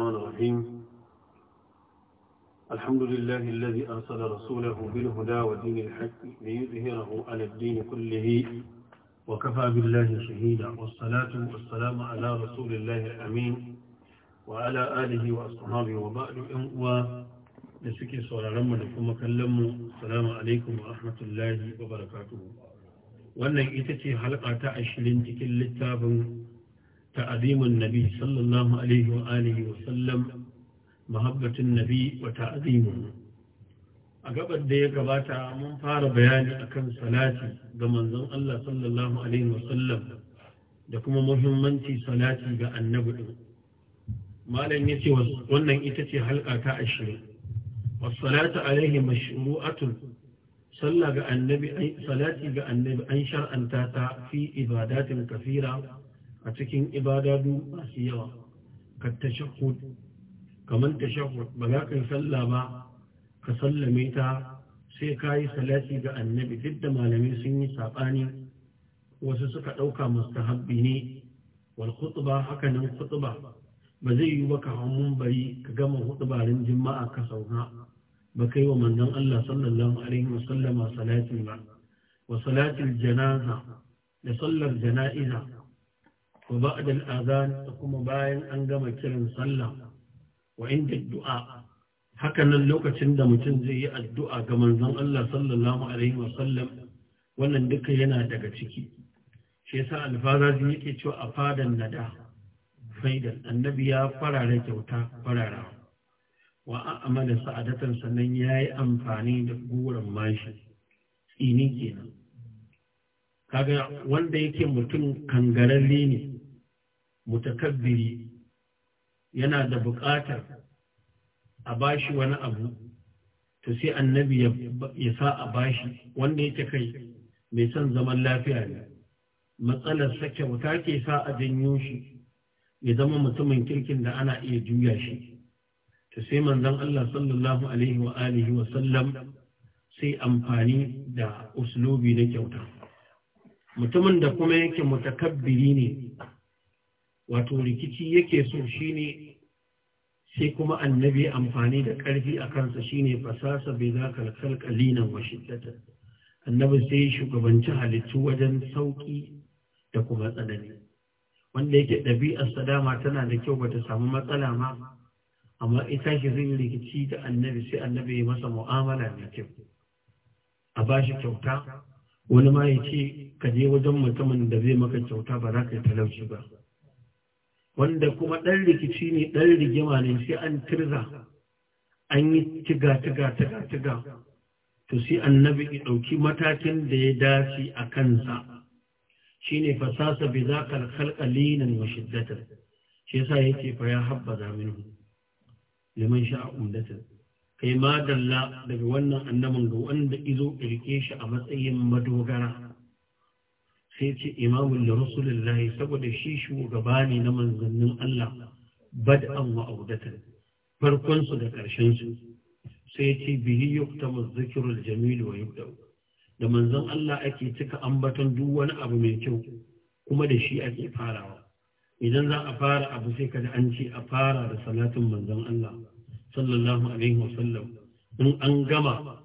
الرحمن الرحيم الحمد لله الذي أرسل رسوله بالهدى ودين الحق ليظهره على الدين كله وكفى بالله شهيدا والصلاة والسلام على رسول الله الأمين وعلى آله وأصحابه وبعد أموى لسكي صلى الله عليه وسلم السلام عليكم ورحمة الله وبركاته وأن إتتي حلقة عشرين تكل التابن تعظيم النبي صلى الله عليه وآله وسلم محبة النبي وتعظيمه أقبل ديك باتا من فار بياني أكن صلاتي دمان زن الله صلى الله عليه وسلم دكما مهمنتي صلاتي بأنبئ malam ya ce wannan ita ce halka ta ashirin wasalatu alaihi mashru'atun sallah ga annabi salati ga annabi an shar'anta ta fi ibadatin kafira a cikin ibadadu masu yawa ka tashahud kamar tashahud ba za ka yi sallah ba ka sallame ta sai ka yi salati ga annabi duk da malamai sun yi saɓani wasu suka ɗauka ta-habbi ne wal khutba haka nan khutba ba zai yi baka hamun bari ka gama hutubarin jima'a ka sauka ba kai wa manzon Allah sallallahu alaihi sallama salati ba wa salatin janaza da sallar jana'iza wa ba'da al-adhan da kuma bayan an gama kiran sallah wa inda du'a hakanan lokacin da mutum zai yi addu'a ga manzon Allah sallallahu wannan duka yana daga ciki shi yasa alfazazi yake cewa a fadan nada faidan annabi ya farare kyauta farara wa a'amala sa'adatan sannan yayi amfani da guran mashi tsini kenan kaga wanda yake mutum kangararre ne mutakabbiri yana da buƙatar a bashi wani abu to sai annabi ya sa a bashi wanda yake kai mai son zaman lafiya ne matsalar sake wuta ke sa a janyo shi ya zama mutumin kirkin da ana iya juya shi to sai manzon Allah sallallahu alaihi wa alihi wa sallam sai amfani da uslubi da kyauta mutumin da kuma yake mutakabbiri ne wato rikici yake so shine sai kuma annabi amfani da ƙarfi a kansa shine fasasa bai za ka kalkalinan wa shiddatan annabi sai shugabanci halittu wajen sauƙi da kuma tsanani wanda yake ɗabi'ar sadama tana da kyau bata samu matsala ma amma ita shi zai rikici da annabi sai annabi ya masa mu'amala mai kyau a ba shi kyauta wani ma ya ce ka je wajen mutumin da zai maka kyauta ba za ka yi talauci ba wanda kuma ɗan rikici ne ɗan rigima ne sai an tirza an yi tiga tiga tiga tiga to annabi ya ɗauki matakin da ya dace a kansa ne fasasa bi zakal khalqa linan wa shiddatan shi yasa yake fa ya habbaza minhu liman sha'a umdatan kai ma dalla daga wannan annabin ga wanda izo rike shi a matsayin madogara sai ce imamun da rasulullahi saboda shi shugaba ne na manzannin Allah bad'an wa audatan farkon su da karshen su sai ce bihi yuktamu dhikrul jamil wa yubda'u da manzon Allah ake cika ambaton duk wani abu mai kyau kuma da shi ake farawa idan za a fara abu sai kada an ce a fara da salatin manzon Allah sallallahu alaihi sallam. in an gama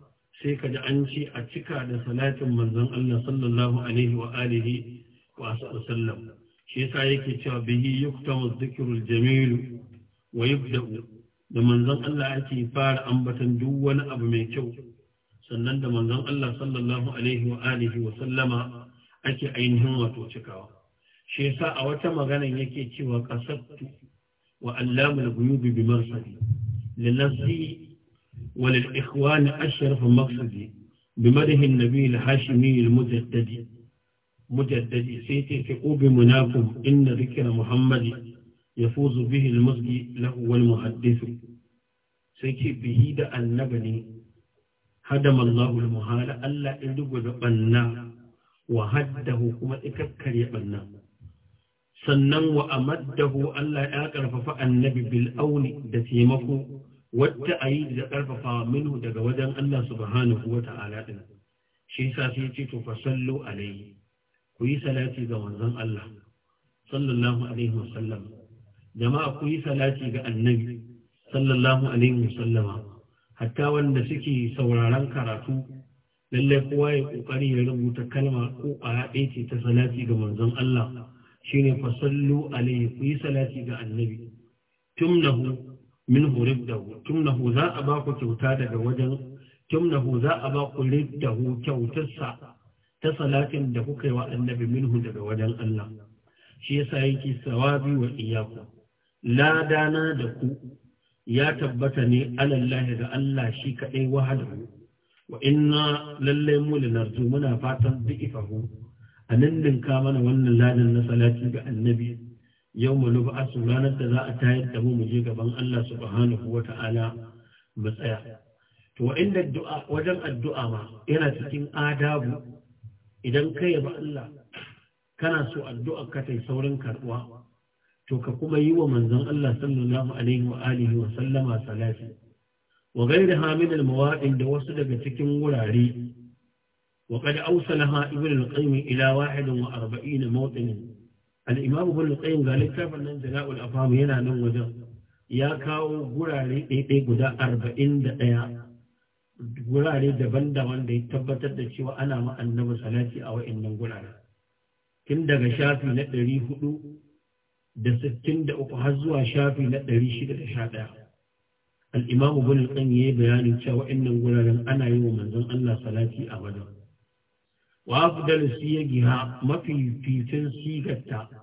sai ka ji an ce a cika da salatin manzon Allah sallallahu alaihi wa alihi wa sallam shi yasa yake cewa bihi yuktamu dhikrul jamil wa yubda'u da manzon Allah ake fara ambatan duk wani abu mai kyau sannan da manzon Allah sallallahu alaihi wa alihi wa sallama ake ainihin wato cikawa shi yasa a wata magana yake cewa qasattu wa allamul ghuyub bi marsali Linasi. وللإخوان أشرف مقصدي بمده النبي الهاشمي المجدد مجدد سيتي ثقوا بمناكم إن ذكر محمد يفوز به المسجي له والمحدث سيتي به دا النبني هدم الله المهال ألا إلدب بقنا وهده كما إككر يبنا sannan wa amaddahu Allah ya karfafa annabi bil auni da taimako wadda a yi da ƙarfafa minhu daga wajen Allah subhanahu wa ta'ala ɗin shi sa sai ce to fasallo a alayhi ku yi salati ga wanzan Allah sallallahu alaihi wasallam jama'a ku yi salati ga annabi sallallahu alaihi wasallama hatta wanda suke sauraron karatu lallai kowa ya kokari ya rubuta kalma ko a ɗaya ce ta salati ga manzon Allah shine fasallu alayhi ku yi salati ga annabi tumnahu min riddahu tumnahu za a ba ku kyauta daga wajen tumnahu za a ba ku riddahu kyautarsa ta salatin da kuka yi wa annabi minhu daga wajen Allah shi yasa yake sawabi wa iyaku ladana da ku ya tabbata ne alallahi ga Allah shi kaɗai wahalahu wa inna lallai mu lanarju muna fatan du'ifahu a ninninka mana wannan ladan na salati ga annabi yau mu lubu asu ranar da za a tayar da mu mu je gaban Allah subhanahu wa ta'ala mu to inda du'a wajen addu'a ma yana cikin adabu idan ka yaba Allah kana so addu'a ka tai saurin karbuwa to ka kuma yi wa manzon Allah sallallahu alaihi wa alihi wa sallama salati wa ghayriha min al da wasu daga cikin wurare وقد أوصلها ابن القيم إلى 41 موطن al'imamu bin tsayin ga littafin nan jala'ul afamu yana nan wajen ya kawo gurare ɗaiɗai guda arba'in da ɗaya gurare daban-daban da ya tabbatar da cewa ana ma'annaba salati a wa'annan gurare tun daga shafi na ɗari hudu da sittin da uku har zuwa shafi na ɗari shida da sha ɗaya al'imamu bin ya yi bayanin cewa wa'annan guraren ana yi wa manzon allah salati a wajen wa afdal siyagiha mafi fitin sigarta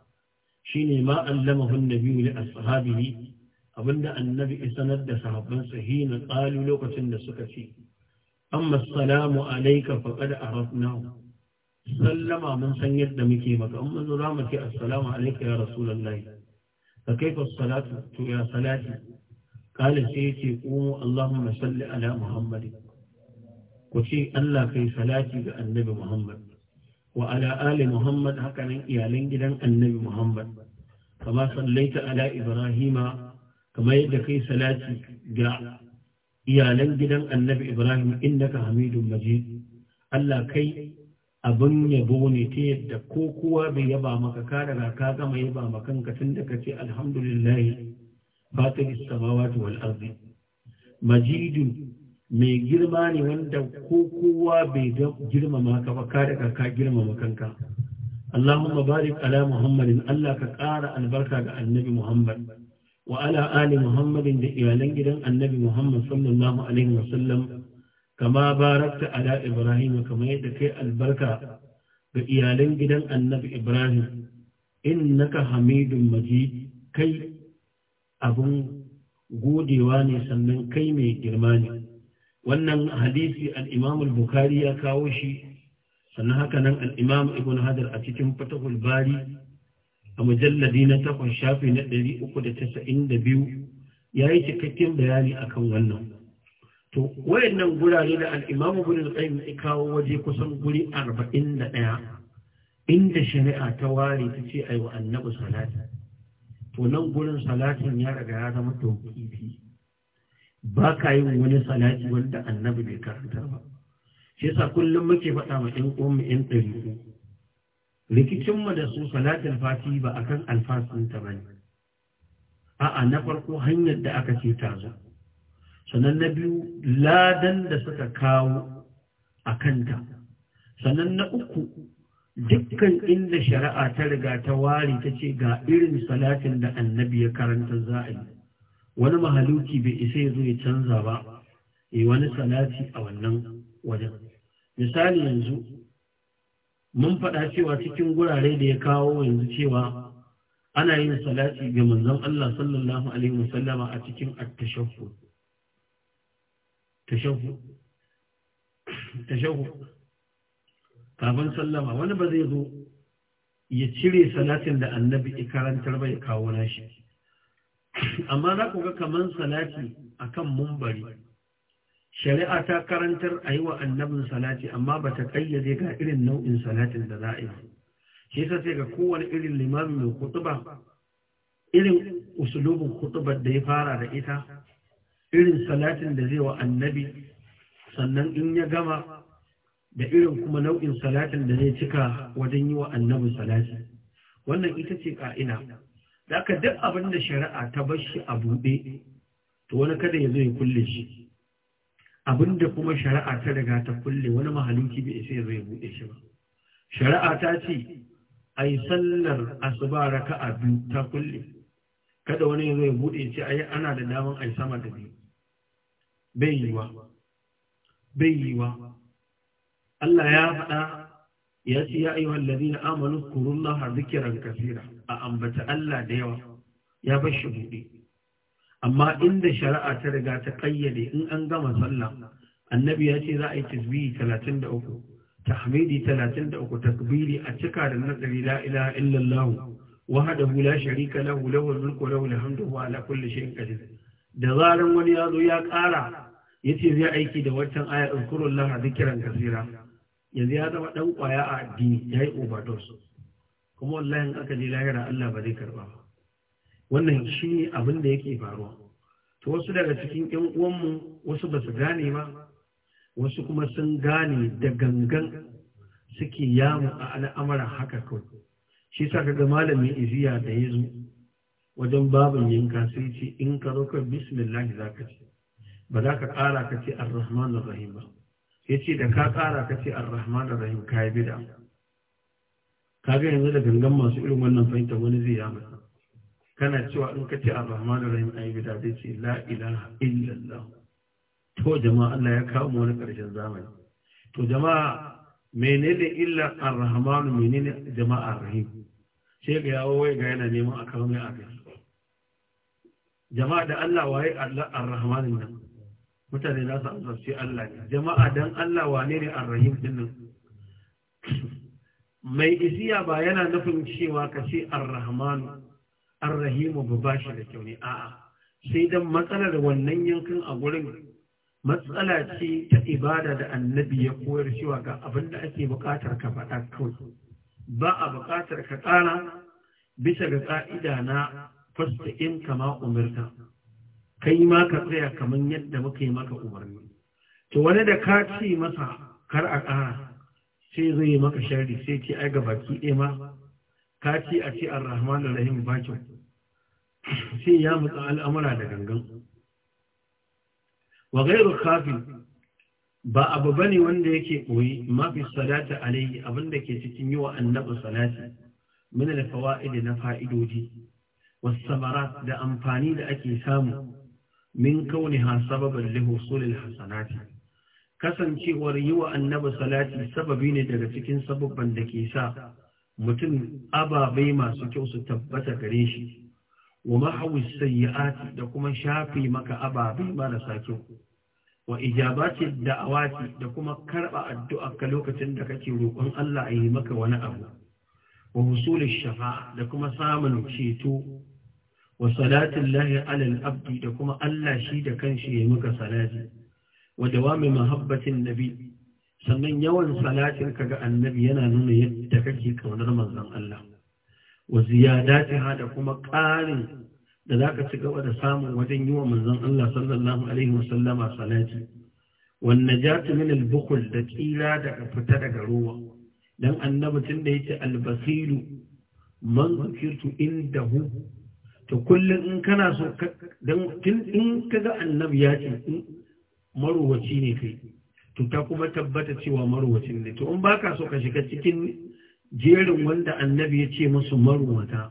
shine ma allamahu an-nabiyyu li ne, abinda annabi sanar da sahabban sahina qalu lokacin da suka ce amma assalamu alayka faqad arafnahu sallama mun san yadda muke maka amma zo zamu ce assalamu alayka ya rasulullahi Ka kaifa as to ya salati qala sai yace qumu allahumma salli ala muhammadin ku ce Allah kai salati ga annabi Muhammad wa ala ali Muhammad haka nan iyalan gidan annabi Muhammad kama sallaita ala Ibrahima kamar yadda kai salati ga iyalan gidan annabi Ibrahim innaka Hamidum Majid Allah kai abin yabo ne ta yadda ko kowa bai yaba maka ka daga ka gama yaba makanka tun da kace ce ba ta samawati wal ardi majidun mai girma ne wanda ko kowa bai girmama ka ba ka ka girmama kanka Allahumma barik ala Muhammadin Allah ka ƙara albarka ga annabi Muhammad wa ala ali Muhammadin da iyalan gidan annabi Muhammad sallallahu alaihi wa sallam kama barakta ala Ibrahim kama yadda kai albarka ga iyalan gidan annabi Ibrahim innaka ma majid kai abun godewa ne sannan kai mai girma ne wannan hadisi Al'imamul al-bukhari ya kawo shi sannan haka nan alimam ibn hadar a cikin fatahul bari a mujalladi na takwas shafi na 392 ya yi cikakken bayani akan wannan to wayannan gurare da al-imam ibn al-qayyim ya kawo waje kusan guri 41 inda shari'a ta ware ta ce yi wa annabi salati to nan gurin salatin ya riga ya zama tauqifi ba ka yin wani salati wanda annabi bai karanta ba shi yasa kullum muke faɗa ma ɗan uwanmu ɗan ɗari rikicin mu da su salatin fati ba a kan alfasun ta bane a'a na farko hanyar da aka ce ta zo sannan na biyu ladan da suka kawo a kanta sannan na uku dukkan inda shari'a ta riga ta ware ta ce ga irin salatin da annabi ya karanta za a yi wani mahaluki bai isa ya zo ya canza ba yi wani salati a wannan wajen misali yanzu mun faɗa cewa cikin gurare da ya kawo yanzu cewa ana yin salati ga manzon Allah sallallahu alaihi wasallama a cikin at tashahu kafin sallama wani ba zai zo ya cire salatin da annabi ya karantar ba ya kawo nashi amma za ku ga kamar salati a kan mumbari shari'a ta karantar a yi wa annabin salati amma ba ta kayyade ga irin nau'in salatin da za a yi shi sai ga kowane irin limami mai kutuba irin usulubin kutubar da ya fara da ita irin salatin da zai wa annabi sannan in ya gama da irin kuma nau'in salatin da zai cika wajen yi wa annabin salati wannan ita ce ka'ina da duk abin da shari'a ta bar shi a buɗe to wani kada ya zo ya kulle shi abin da kuma shari'a ta daga ta kulle wani mahaluki bai isa ya zo ya buɗe shi ba shari'a ta ce a yi sallar asuba a biyu ta kulle kada wani ya zo ya buɗe ce ai ana da daman yi sama da biyu bai yiwa bai yiwa Allah ya faɗa ya ce ya ayyuha allazina amanu kurullaha zikran kaseera a ambata Allah da yawa ya bar shi buɗe amma inda shari'a ta riga ta kayyade in an gama sallah annabi ya ce za a yi tasbihi 33 tahmidi 33 takbiri a cika da nazari la ilaha illallah wahdahu la sharika lahu lahu mulku wa lahu alhamdu wa ala kulli shay'in qadir da zaran wani ya zo ya ƙara yace zai aiki da wancan aya in zikran kaseera yanzu ya zama ɗan ƙwaya a addini ya yi overdose kuma wallahi in aka je lahira Allah ba zai karba ba wannan shi ne abin da yake faruwa to wasu daga cikin ƴan uwanmu wasu ba su gane ba wasu kuma sun gane da gangan suke yamu a al'amuran haka kawai shi sa ka ga Malami iziya da ya zo wajen babin yanka sai ce in ka zo ka bismillah za ka ce ba za ka ƙara ka ce ar-rahman rahim ba ya ce da ka tsara ka ce ar-rahman ar-rahim ka yi bida ka ga yanzu da gangan masu irin wannan fahimta wani zai ya mata kana cewa in ka ce ar-rahman ar-rahim yi bida zai ce la ilaha illallah to jama'a Allah ya kawo mu wani karshen zamani to jama'a menene illa ar-rahman menene jama'a ar-rahim sai ga yawo wai ga yana neman a kawo mai abin jama'a da Allah waye Allah ar-rahman nan mutane za su amsa Allah ne jama'a dan Allah wane ne arrahim din nan mai isiya ba yana nufin cewa ka ce arrahmanu arrahimu ba ba shi da kyau ne a'a sai dan matsalar wannan yankin a gurin matsala ce ta ibada da annabi ya koyar cewa ga abin da ake bukatar ka faɗa kawai ba a buƙatar ka ƙara bisa ga ƙa'ida na fasta in kama umarta kai ma ka tsaya kamar yadda muka yi maka umarni to wani da ka ce masa kar a ƙara sai zai yi maka shari sai ce ai ga baki ɗaya ma ka ce a ce ar-rahman rahim bakin sai ya mutsa al'amura da gangan wa kafin ba abu bane wanda yake koyi mafi fi salati alaihi abinda ke cikin yi wa annabi salati min al na fa'idodi was samara da amfani da ake samu min kauniha sababan sababin husulil hasanati kasancewar yi wa annabi salati sababi ne daga cikin sababban da ke sa mutum ababai masu kyau su tabbata gare shi wa mahawis sayyi'ati da kuma shafi maka ababai marasa kyau wa ijabati da'awati da kuma karba addu'a ka lokacin da kake roƙon Allah ya yi maka wani abu wa husulish shafa'a da kuma samun ceto wa salatin lahi alal abdi da kuma Allah shi da kanshi ya muka salati wa dawami mahabbatin nabi sannan yawan salatin kaga annabi yana nuna yadda kake kaunar manzon Allah wa ziyadatiha da kuma ƙarin da zaka ci gaba da samu wajen yi wa manzon Allah sallallahu alaihi wa sallama salati wan najatu min al bukhl da kila daga fita daga ruwa dan annabi tunda ya al basiru man zikirtu indahu to kullum in kana so don in ka ga annabi ya ce maruwaci ne kai to ta kuma tabbata cewa maruwacin ne to in baka so ka shiga cikin jerin wanda annabi ya ce musu maruwata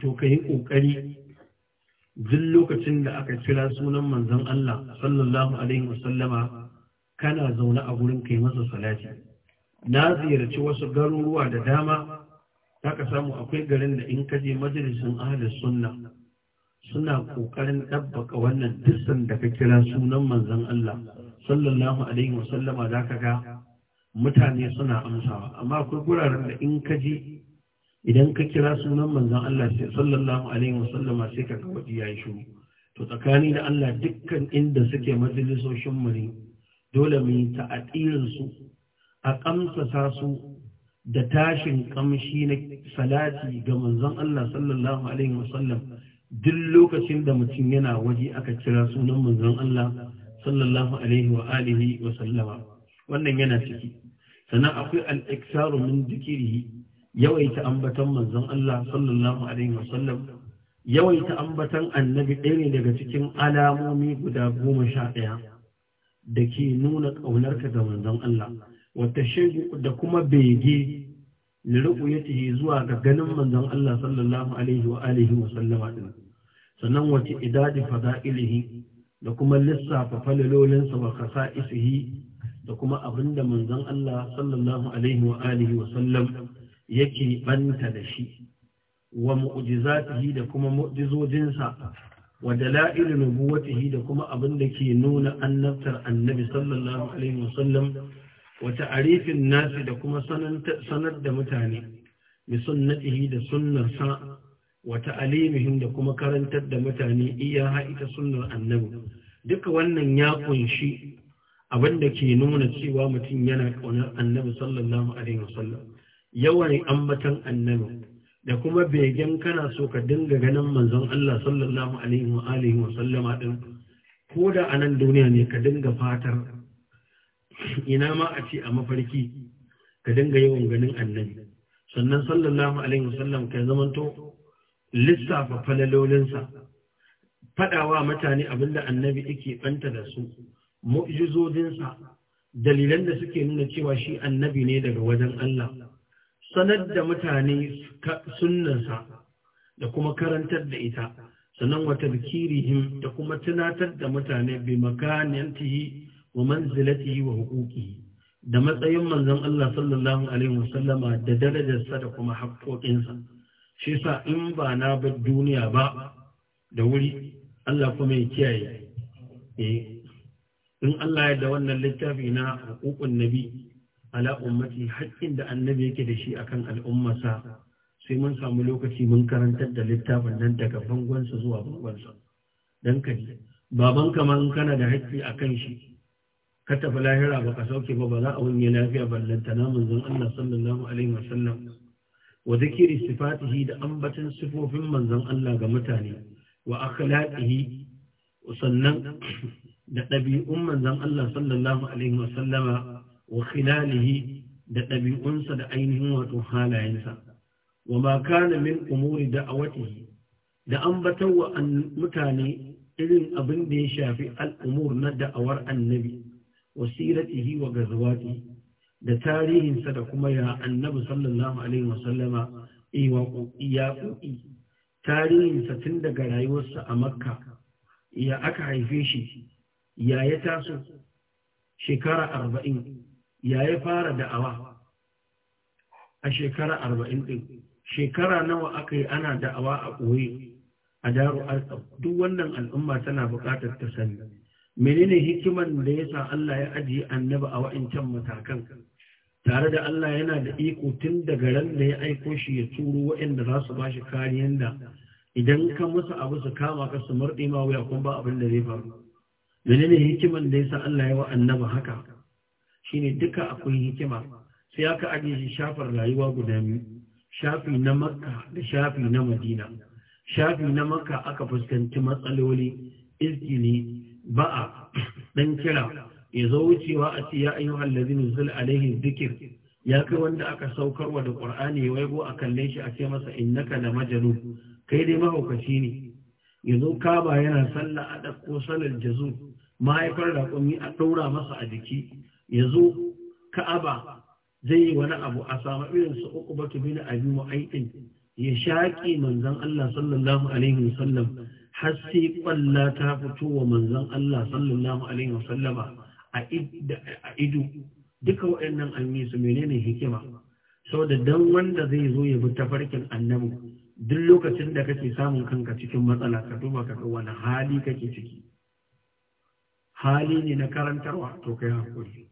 to ka yi ƙoƙari duk lokacin da aka kira sunan manzon Allah sallallahu alaihi wasallama kana zaune a gurin kai masa salati na ziyarci wasu garuruwa da dama za ka samu akwai garin da in ka je majalisun ahalar sunna suna ƙoƙarin ɗabbaka wannan dissan da ka kira sunan manzon Allah sallallahu alaihi sallama za ka ga mutane suna amsawa amma akwai guraren da in ka je idan ka kira sunan manzon Allah sai sallallahu alaihi sallama sai ka ga ya yayi shiru to tsakani da Allah dukkan inda suke majalisoshin mu ne dole mu yi ta'adirin su a kamsa su da tashin kamshi na salati ga manzon Allah sallallahu alaihi wasallam duk lokacin da mutum yana waje aka kira sunan manzon Allah sallallahu alaihi wa alihi wa wannan yana ciki sannan akwai al-iksaru min dhikrihi yawaita ambatan manzon Allah sallallahu alaihi wa yawaita ambatan annabi ɗaya ne daga cikin alamomi guda goma sha ɗaya da ke nuna ƙaunarka ga manzon Allah wata shaidu da kuma bege da ruƙuyatihi zuwa ga ganin manzon Allah sallallahu alaihi wa alihi wa sallama din sannan wace idadi fada'ilihi da kuma lissafa falalolinsa wa kasa'isihi da kuma abinda manzon Allah sallallahu alaihi wa alihi wa sallam yake banta da shi wa mu'jizatihi da kuma mu'jizojinsa wa dala'ilu nubuwatihi da kuma abinda ke nuna annabtar annabi sallallahu alaihi wa sallam wata arifin nasi da kuma sanar da mutane bi sunnatihi da sunnarsa wata alimihim da kuma karantar da mutane iya ita sunnar annabi duka wannan ya kunshi abin da ke nuna cewa mutum yana ƙaunar annabi sallallahu alaihi wasallam yawan ambatan annabi da kuma begen kana so ka dinga ganin manzon Allah sallallahu alaihi wa alihi wa sallama din ko da a nan duniya ne ka dinga fatar ina ma a ce a mafarki ka dinga yawan ganin annabi sannan sallallahu alaihi wasallam ka zamanto lissafa falalolinsa faɗawa mutane abin da annabi yake banta da su mu'jizodinsa dalilan da suke nuna cewa shi annabi ne daga wajen Allah sanar da mutane sunnansa da kuma karantar da ita sannan wata bikirihim da kuma tunatar da mutane bi makaniyantihi wa yi wa huquqihi da matsayin manzon Allah sallallahu alaihi wasallama da darajarsa da kuma haƙoƙinsa shi yasa in ba na bar duniya ba da wuri Allah kuma ya kiyaye eh in Allah ya da wannan littafi na huququn nabi ala ummati haƙƙin da annabi yake da shi akan al'ummarsa sai mun samu lokaci mun karantar da littafin nan daga bangonsa zuwa bangonsa dan kaji baban kaman kana da haƙƙi akan shi ka tafi lahira ba ka sauke ba ba za a wani lafiya ballanta na manzon Allah sallallahu alaihi wasallam wa zikiri sifatihi da ambatan sifofin manzon Allah ga mutane wa akhlaqihi sannan da ɗabi'un manzon Allah sallallahu alaihi wa khilalihi da ɗabi'unsa da ainihin wato halayensa wa ma kana min umuri da'awatihi da ambatan wa mutane irin abin da ya shafi al'umur na da'awar annabi wasiratihi wa gazawati da tarihinsa da kuma ya annabi sallallahu alaihi wasallama ya kuɗi tarihinsa tun daga rayuwarsa a makka ya aka haife shi ya ya taso shekara arba'in ya ya fara da'awa a shekara arba'in ɗin shekara nawa aka yi ana da'awa a ɓoye a daro duk wannan al'umma tana buƙatar ta sani menene hikiman da yasa Allah ya ajiye annabi a wa'incan matakan tare da Allah yana da iko tun daga ran da ya aiko shi ya turo wa'inda za su ba shi kariyan da idan ka musu abu su kama ka su murɗe ma wuya kuma ba abin da zai faru menene hikiman da yasa Allah ya wa annaba haka shine duka akwai hikima sai aka ajiye shi shafar rayuwa guda biyu shafi na makka da shafi na madina shafi na makka aka fuskanci matsaloli izini ba'a ɗan kira ya zo wucewa a ce ya ayyuhal ladzi nuzul alaihi dhikr ya kai wanda aka saukar wa da qur'ani ya waigo a kalle shi a ce masa innaka la majnun kai dai mahaukaci ne ya zo kaba yana sallah a dakko salar jazu mahaifar raƙumi a ɗaura masa a jiki ya zo ka'aba zai yi wani abu a samu irin su uku batu bin abi mu'aikin ya shaƙi manzon Allah sallallahu alaihi wasallam har sai kwalla ta fito wa manzon Allah sallallahu alaihi wa sallama) a ido duka waɗannan an yi su menene hikima saboda dan wanda zai zo ya bi tafarkin annabi duk lokacin da kake samun kanka cikin matsala ka duba ka ga wani hali kake ciki hali ne na karantarwa to kai hakuri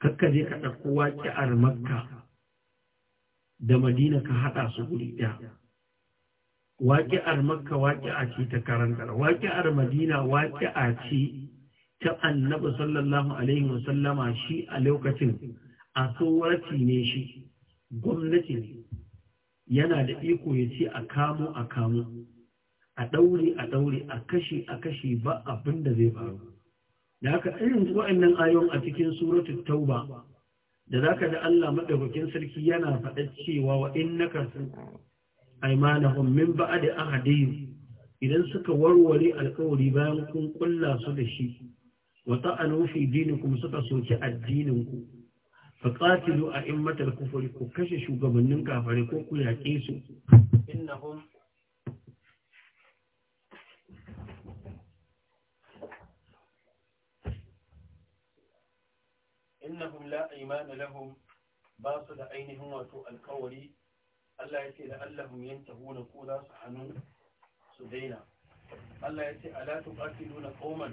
kakka je ka ɗauko waƙi'ar makka da madina ka haɗa su guri ɗaya waƙi'ar makka waƙi'a ce ta karantar waƙi'ar madina waƙi'a ce ta annabi sallallahu alaihi wasallama shi a lokacin a ne shi gwamnati ne yana da iko ya ce a kamo a kamo a ɗaure a ɗaure a kashe a kashe ba abin da zai faru da haka irin wa'annan ayon a cikin suratul tauba da zaka da Allah madaukakin sarki yana faɗa cewa wa innaka aimanahum min ba'di ahadihim idan suka warware alƙawari bayan kun kulla su da shi wa ta'anu fi dinikum suka soki addinin ku fa qatilu a'immatal kufri ku kashe shugabannin kafare ko ku yaƙe su innahum innahum la aymana lahum ba su da ainihin wato alƙawari Allah ya ce da Allahun yanta hula ko za su su daina Allah ya ce alatu tuqatilu na qauman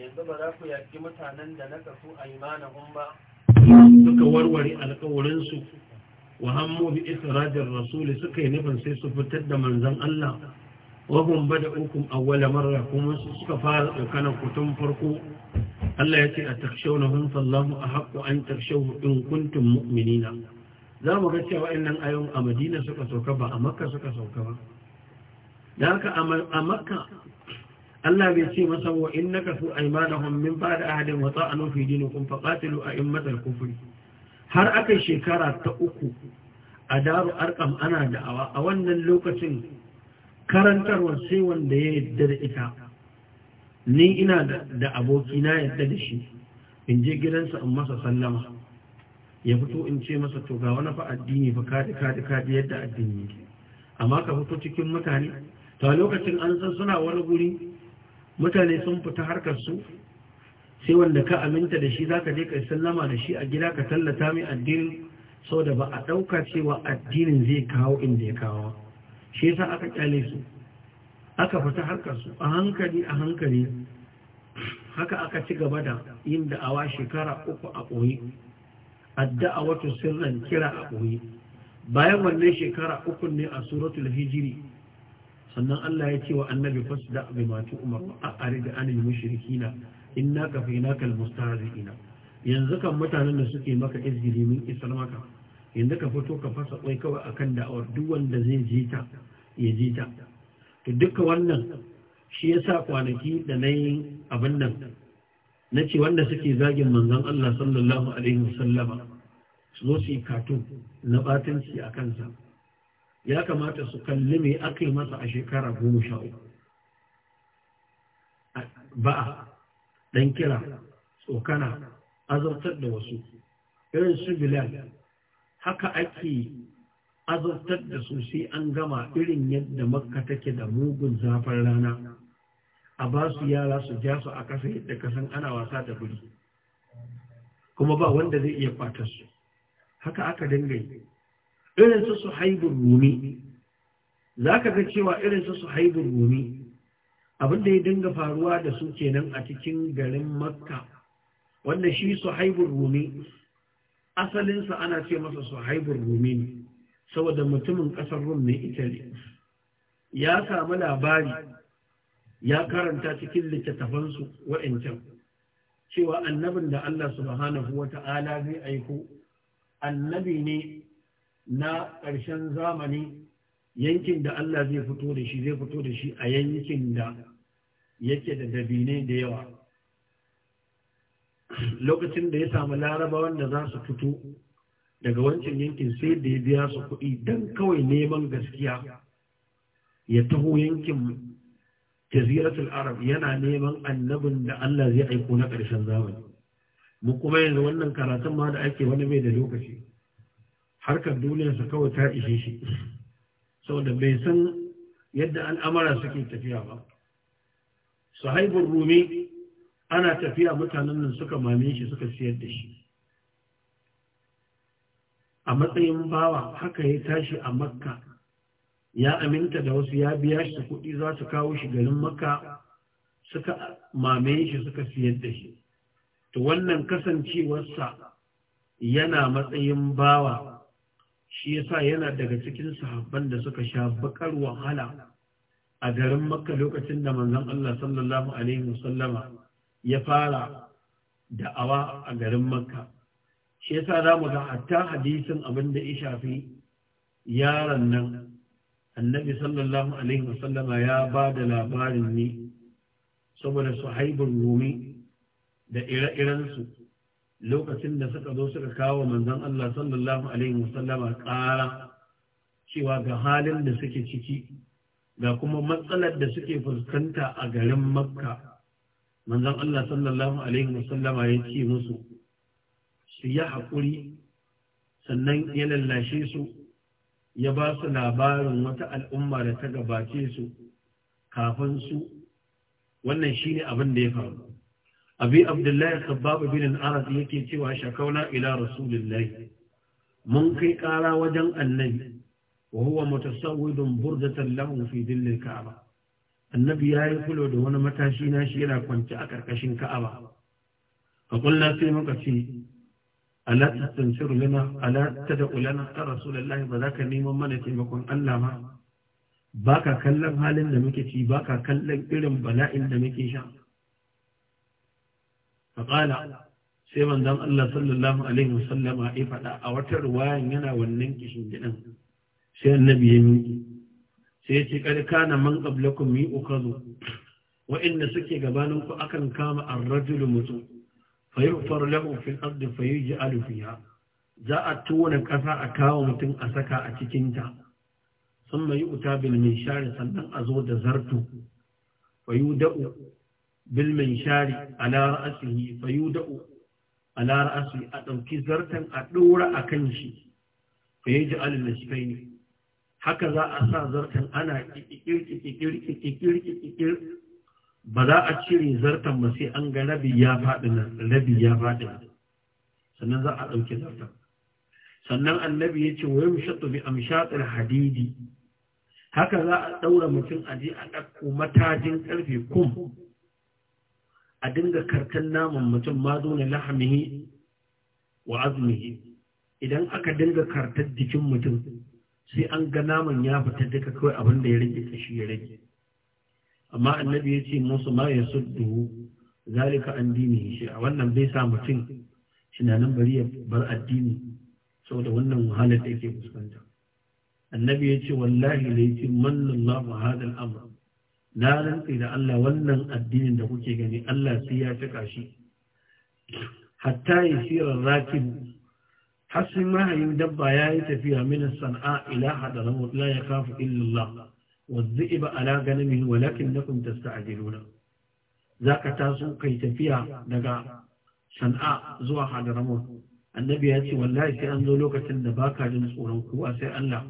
yanzu ba za ku yaki mutanen da na kasu aymanahum ba suka warware alƙawarin su wa hammu bi suka yi nufin sai su fitar da manzon Allah wa hum bada'ukum awwala marra kuma suka fara tsokanan kutun farko Allah ya ce a takshawnahum a ahaqqu an takshawhu in kuntum mu'minina za mu ga cewa innan ayon a madina suka sauka ba a makka suka sauka ba da haka a makka Allah bai ce masa wa innaka su aymanahum min da ahadin wa ta'anu fi a faqatilu matar kufuri har aka shekara ta uku a daru arkam ana da'awa a wannan lokacin karantarwar sai wanda ya yadda da ita ni ina da abokina yadda da shi in je gidansa in masa sallama ya fito in ce masa to ga wani fa addini fa kaɗi kaɗi kaɗi yadda addini yake amma ka fito cikin mutane to a lokacin an san suna wani guri mutane sun fita harkar su sai wanda ka aminta da shi zaka je ka sallama da shi a gida ka tallata mai addinin saboda ba a ɗauka cewa addinin zai kawo inda ya kawo shi yasa aka kyale su aka fita harkar su a hankali a hankali haka aka ci gaba da yin da'awa shekara uku a ɓoye addu'a wato sirran kira a ɓoye bayan wannan shekara uku ne a suratul hijiri sannan Allah ya ce wa annabi fasda bi ma umar a da anil mushrikina ka innaka fainaka almustahzi'ina yanzu kan mutanen da suke maka izgiri min isar maka yanzu ka fito ka fasa kwai kawai akan da'awar duk wanda zai ji ta ya ji ta to duka wannan shi yasa kwanaki da nayin abin nan na ce wanda suke zagin manzon Allah sallallahu alaihi wasallama su zo su yi katun na batanci a kansa ya kamata su kalli mai aka yi masa a shekara goma sha uku ba'a ɗan kira tsokana azabtar da wasu irin su bilal haka ake azabtar da su sai an gama irin yadda makka take da mugun zafin rana a ba su yara su ja su a ƙasa yadda kasan ana wasa da guri kuma ba wanda zai iya kwatar su haka aka dangai irin su su haibun rumi za ka ga cewa irin su su haibun rumi abinda ya dinga faruwa da su kenan a cikin garin makka wanda shi su haibun rumi asalinsa ana ce masa su haibun rumi ne saboda mutumin ƙasar rum ne italy ya samu labari ya karanta cikin littattafansu wa'ancan cewa annabin da Allah subhanahu wa ta'ala zai aiko annabi ne na ƙarshen zamani yankin da Allah zai fito da shi zai fito da shi a yankin da yake da dabine da yawa lokacin da ya samu laraba wanda za su fito daga wancan yankin sai da ya biya su kuɗi don kawai neman gaskiya ya taho yankin jaziratul arab yana neman annabin da Allah zai aiko na ƙarshen zamani mu kuma yanzu wannan karatun ma da ake wani mai da lokaci harkar duniyarsa kawai ta ishe shi saboda bai san yadda al'amara suke tafiya ba sahibin rumi ana tafiya mutanen nan suka mame shi suka siyar da shi a matsayin bawa haka ya tashi a makka ya aminta da wasu ya biya shi kuɗi za su kawo shi garin maka suka mamaye shi suka siyar da shi to wannan kasancewarsa yana matsayin bawa shi yasa yana daga cikin sahabban da suka sha bakar wahala a garin makka lokacin da manzon Allah sallallahu alaihi wasallama ya fara da'awa a garin makka shi yasa za mu ga hatta hadisin abin da ya shafi yaron nan annabi sallallahu alaihi wasallama ya ba da labarin ne saboda su haibun rumi da ire-irensu lokacin da suka zo suka kawo manzon Allah sallallahu alaihi wasallama ƙara cewa ga halin da suke ciki ga kuma matsalar da suke fuskanta a garin makka manzon Allah sallallahu alaihi wasallama ya ce musu su yi haƙuri sannan ya lallashe su ya ba su labarin wata al'umma da ta gabace su kafin su wannan shi ne abin da ya faru abi abdullahi sababu bin al'aras yake cewa shakauna ila rasulillahi mun kai ƙara wajen annabi wa huwa mutasawwidun burdatan lahu fi dillil ka'aba annabi ya yi kulo da wani matashi na shi yana kwance a karkashin ka'aba fa sai muka ce ala tastansiru lana ala tad'u lana ta rasulullahi ba za ka neman mana taimakon Allah ma baka kallon halin da muke ci baka kallon irin bala'in da muke sha faqala sai manzon Allah sallallahu alaihi wasallama ya faɗa a wata ruwayan yana wannan kishin gidan sai annabi ya miƙe sai ya ce kad kana man qablakum yu'khadhu wa suke gabanin ku akan kama ar-rajulu mutum fayufar lahu fil ardi fayuj'alu za a tona ƙasa a kawo mutum a saka a cikinta sun mai uta bil shari sannan a zo da zartu fayuda'u bil minshari ala ra'sihi fayuda'u ala a ɗauki zartan a ɗora a kan shi fayaj'alu lisfaini haka za a sa zartan ana kirkikirkikirkikir ba za a cire zartan ba sai an ga rabi ya faɗi nan rabi ya faɗi nan sannan za a ɗauki zartan sannan annabi ya ce wai yamshatu bi amshatil hadidi haka za a ɗaura mutum a je a ɗauko matajin ƙarfe kum a dinga kartan naman mutum ma dole lahamihi wa azmihi idan aka dinga kartar jikin mutum sai an ga naman ya fita duka kawai abin da ya rage kashi ya rage amma annabi ya ce musu ma ya suddu zalika an dini shi a wannan bai sa mutum nan bari ya bar addini saboda wannan wahalar da yake fuskanta annabi ya ce wallahi la yati manallahu hadha al-amr na rantsi da Allah wannan addinin da kuke gani Allah sai ya cika shi hatta yasira rakib har sai mahayin dabba ya yi tafiya min sana'a ila hadaramut la yakafu illa Allah والذئب على غنمه ولكنكم تستعجلون ذاك تاسو كي tafiya daga شنعاء zuwa حضرمون annabi ya ce wallahi sai an zo lokacin da baka jin tsoron kowa sai Allah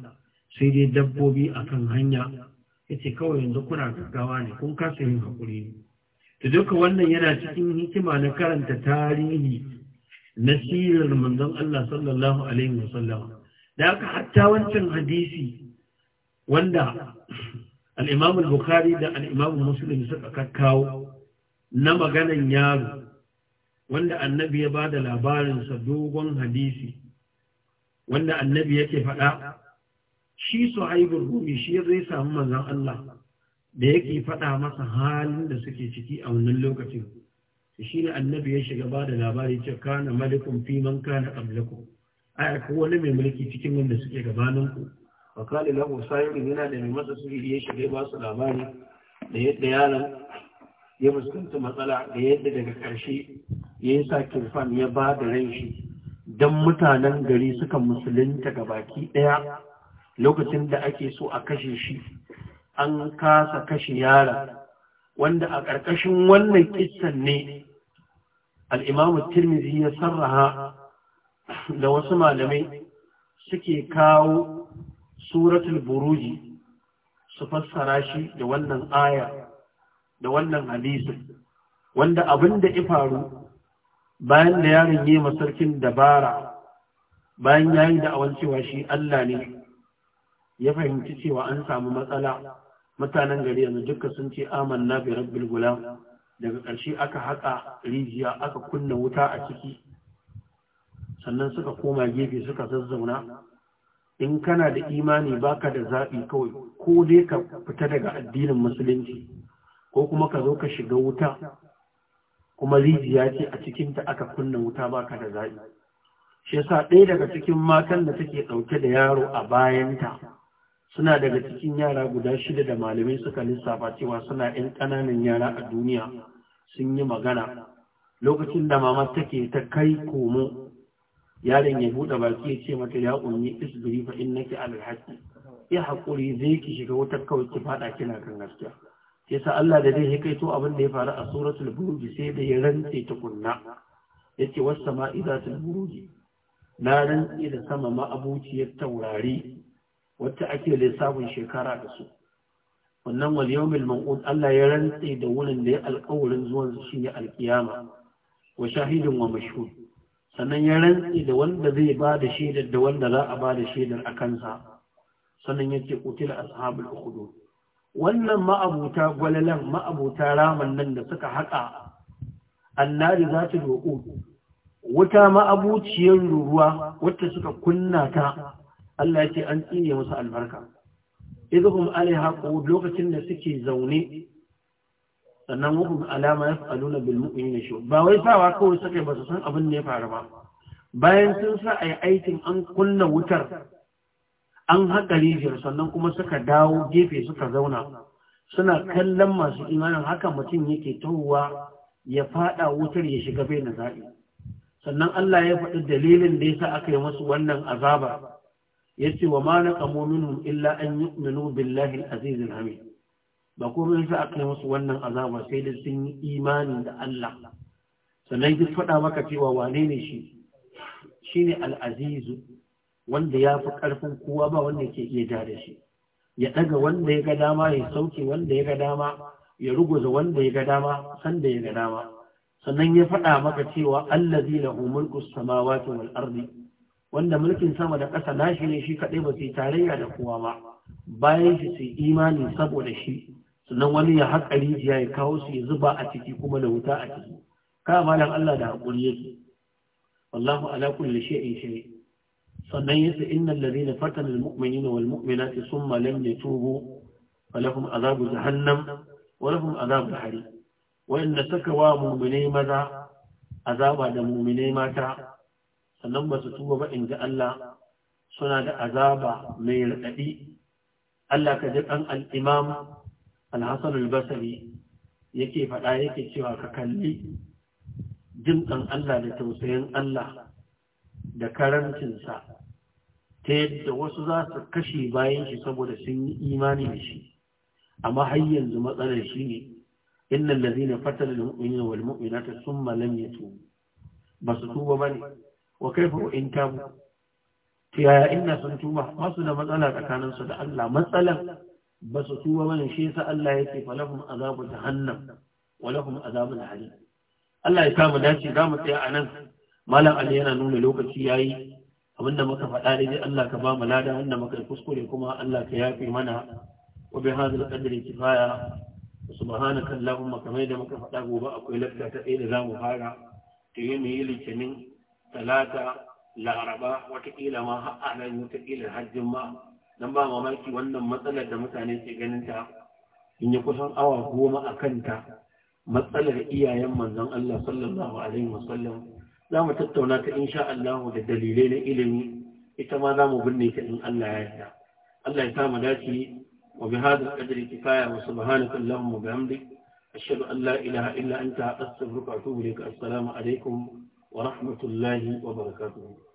sai dai dabbobi akan hanya yace kawai yanzu kuna gaggawa ne kun kasa yin hakuri ne to duka wannan yana cikin hikima na karanta tarihi na sirar manzon Allah sallallahu alaihi wasallam da hatta wancan hadisi wanda al'imam bukhari da al'imam muslim suka kakkawo na maganan yaro wanda annabi ya ba da labarinsa dogon hadisi wanda annabi yake faɗa shi suhaibul rumi shi zai samu manzan Allah da yake faɗa masa halin da suke ciki a wannan lokacin shi ne annabi ya shiga ba da labari ce kana malikun fi man kana qablakum a yaka wani mai mulki cikin wanda suke gabaninku fakali lahu sayirin yana da mai masa sihiri ya shiga ba su labari da yadda yaron ya fuskanta matsala da yadda daga ƙarshe ya yi sa kirfan ya ba da ran shi don mutanen gari suka musulunta ga baki ɗaya lokacin da ake so a kashe shi an kasa kashe yara. wanda a ƙarƙashin wannan kissan ne al'imamu tirmizi ya sarraha da wasu malamai suke kawo suratul buruji su fassara shi da wannan aya da wannan hadisin wanda abin da ya faru bayan da yaron yi masarkin dabara bayan yayin da awan cewa shi Allah ne ya fahimci cewa an samu matsala mutanen gari yanzu duka sun ce amanna bi rabbil gulam daga ƙarshe aka haƙa rijiya aka kunna wuta a ciki sannan suka koma gefe suka zazzauna in kana da imani baka da zaɓi kawai ko dai ka fita daga addinin musulunci ko kuma ka zo ka shiga wuta kuma rijiya ce a cikinta aka kunna wuta baka da zaɓi shi yasa ɗaya daga cikin matan da take ɗauke da yaro a bayanta suna daga cikin yara guda shida da malamai suka lissafa cewa suna 'yan ƙananan yara a duniya sun yi magana lokacin da mama take ta kai komo yaron ya buɗe baki ya ce mata ya ummi isbiri fa naki alal haqqi ya hakuri zai ki shiga wutar kawai ki fada kina kan gaskiya sai Allah da zai hikaito abin da ya faru a suratul buruji sai da ya rantse ta kunna yace was sama'i zatul buruji. na rantse da sama ma'abuciyar taurari wacce ake lissafin shekara da su wannan wal yawmil maw'ud Allah ya rantse da wurin da ya alƙawarin zuwan shi ne alkiyama wa shahidin wa mashhud sannan ya rantsi da wanda zai ba da shaidar da wanda za a ba da shaidar a kansa sannan ya ce kutil ashabul ukhdud wannan ma'abuta gwalalan ma'abuta raman nan da suka haƙa annari za ta roƙo wuta ma'abuciyar ruruwa wacce suka kunna ta Allah ya ce an tsine musu albarka idhum alaiha qud lokacin da suke zaune sannan hukun alama ya fa'alu na bilmu'in na shi ba wai sawa kawai suka ba su san abin da ya faru ba bayan sun sa a yi aikin an kunna wutar an haƙa rijiyar sannan kuma suka dawo gefe suka zauna suna kallon masu imanin haka mutum yake tahowa ya faɗa wutar ya shiga bai na zaɓi sannan Allah ya faɗi dalilin da ya sa aka yi masu wannan azaba ya ce wa ma na ƙamomin illa an yi billahi azizin hamid ba kuma yasa aka yi musu wannan azaba sai da sun yi imani da Allah sannan duk faɗa maka cewa wane ne shi shine al-azizu wanda ya fi ƙarfin kowa ba wanda ke iya ja da shi ya ɗaga wanda ya ga dama ya sauke wanda ya ga dama ya ruguza wanda ya ga dama sanda ya ga dama sannan ya faɗa maka cewa allazi lahu mulku samawati wal ardi wanda mulkin sama da ƙasa nashi ne shi kaɗai ba sai tarayya da kowa ba bayan shi sai imani saboda shi sannan wani ya haƙa rijiya ya kawo su ya zuba a ciki kuma da wuta a ciki ka malam Allah da haƙuri yake wallahu ala kulli shay'in shay sannan yace innal ladina fatana al mu'minina wal mu'minati thumma lam yatubu falahum adhabu jahannam wa lahum adhabu hari wanda saka wa mu'minai maza azaba da mu'minai mata sannan ba su tuba ba inda Allah suna da azaba mai raɗaɗi Allah ka ji al imam alhassan albasari yake faɗa yake cewa ka kalli jin ɗan Allah da tausayin Allah da karancinsa ta yadda wasu za su kashe bayan shi saboda sun yi imani da shi amma har yanzu matsalar shi ne innan lazina fatalin mu'minin wal mu'minata sun malam ya tubu ba su tuba ba ne wa kai fa in ta yaya ina sun tuba su da matsala tsakaninsu da Allah matsalar. ba su tuba mana shi yasa Allah yake falahum azabu jahannam wa lahum azabul hadid Allah ya kama dace za mu tsaya a nan malam Ali yana nuna lokaci yayi abinda muka faɗa da dai Allah ka ba mu lada wanda muka yi kuskure kuma Allah ka yafe mana wa bi hadhal qadri kifaya subhanaka allahumma kamar da muka faɗa gobe akwai lakta ta ɗaya da za mu fara ta yi mai yi litinin talata laraba watakila ma har a nan watakila har dan ba mamaki wannan matsalar da mutane ke ganin ta in yi kusan awa goma a kanta matsalar iyayen manzon Allah sallallahu alaihi wasallam za mu tattauna ta insha Allah da dalilai na ilimi ita ma za mu binne ta in Allah ya yarda Allah ya sa mu dace wa bi hadha qadri kifaya wa subhanaka allahumma wa bihamdik ashhadu an la ilaha illa anta astaghfiruka wa atubu ilaik assalamu alaikum wa rahmatullahi wa barakatuh